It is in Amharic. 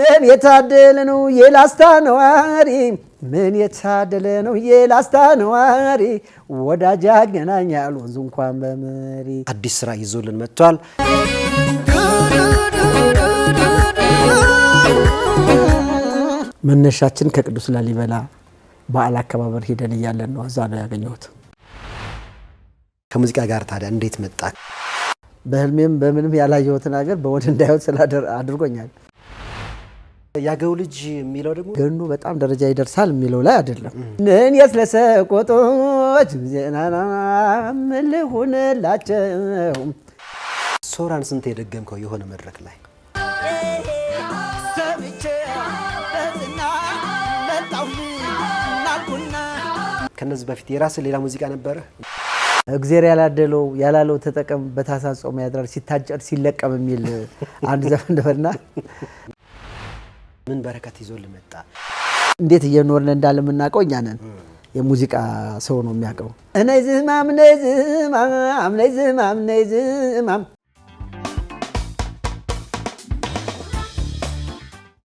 ምን የታደለ ነው የላስታ ነዋሪ ምን የታደለ ነው የላስታ ነዋሪ ወዳጅ ያገናኛል ወንዙ እንኳን በመሪ አዲስ ስራ ይዞልን መጥቷል። መነሻችን ከቅዱስ ላሊበላ በዓል አከባበር ሄደን እያለን ነው። እዛ ነው ያገኘሁት። ከሙዚቃ ጋር ታዲያ እንዴት መጣ? በህልሜም በምንም ያላየሁትን ሀገር በወድ እንዳየሁት ስላደር አድርጎኛል። ያገው ልጅ የሚለው ደግሞ ገኖ በጣም ደረጃ ይደርሳል የሚለው ላይ አይደለም። ምን የስለሰ ቆጦች ልሁንላቸው ሶራን ስንት የደገምከው የሆነ መድረክ ላይ ከነዚህ በፊት የራስህ ሌላ ሙዚቃ ነበረ? እግዜር ያላደለው ያላለው ተጠቀም በታሳጾ ያድራል ሲታጨድ ሲለቀም የሚል አንድ ዘፈን ነበርና ምን በረከት ይዞ ልመጣ እንዴት እየኖርን እንዳለ የምናውቀው እኛ ነን። የሙዚቃ ሰው ነው የሚያውቀው። እነይ ዝማም ነይ ዝማም ነይ ዝማም ነይ ዝማም